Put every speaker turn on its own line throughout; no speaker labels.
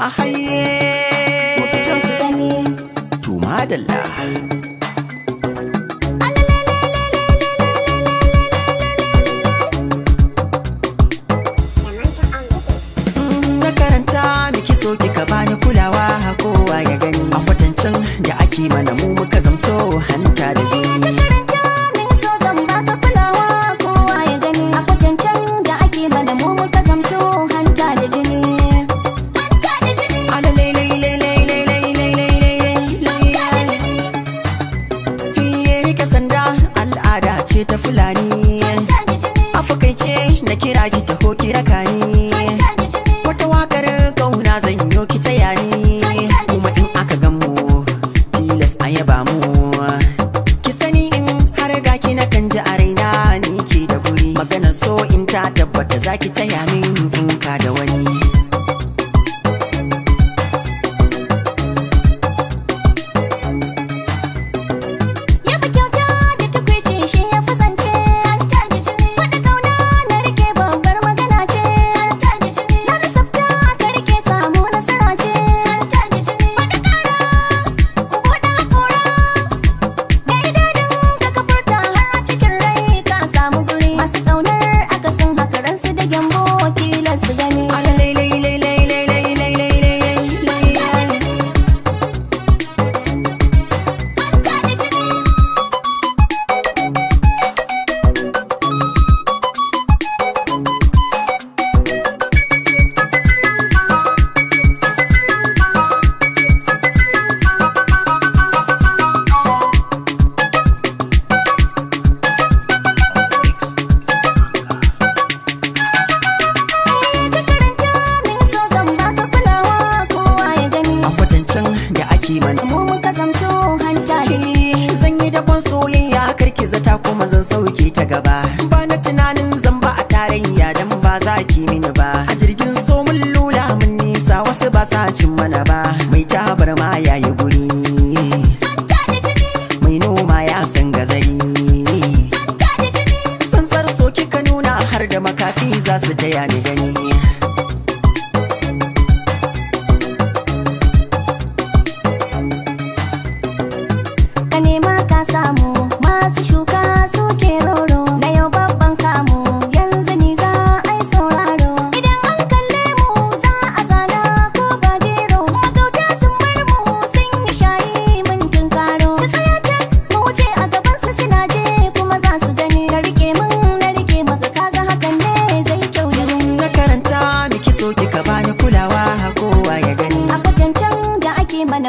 a haye mafitan su gani to karanta miki so kika bani kulawa kowa ya gani ce ta fulani ce na kira ki ko ki raka ni wata wakar kauna zan yi ki ta yani kuma in aka gan mu tilas a yaba mu ki sani in har ga ki na kan ji a raina ni ke da guri maganar so in ta tabbata zaki ta yamin zan sauke ta gaba ba na tunanin zan ba a tarayya dan ba za ki mini ba a jirgin so mun lula mun nisa wasu ba sa cin mana ba mai tabar ma yayi guri mai noma ya san gazari tsantsar so kika nuna har da makafi za su taya ni gani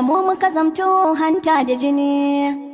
mu muka zamto hanta da jini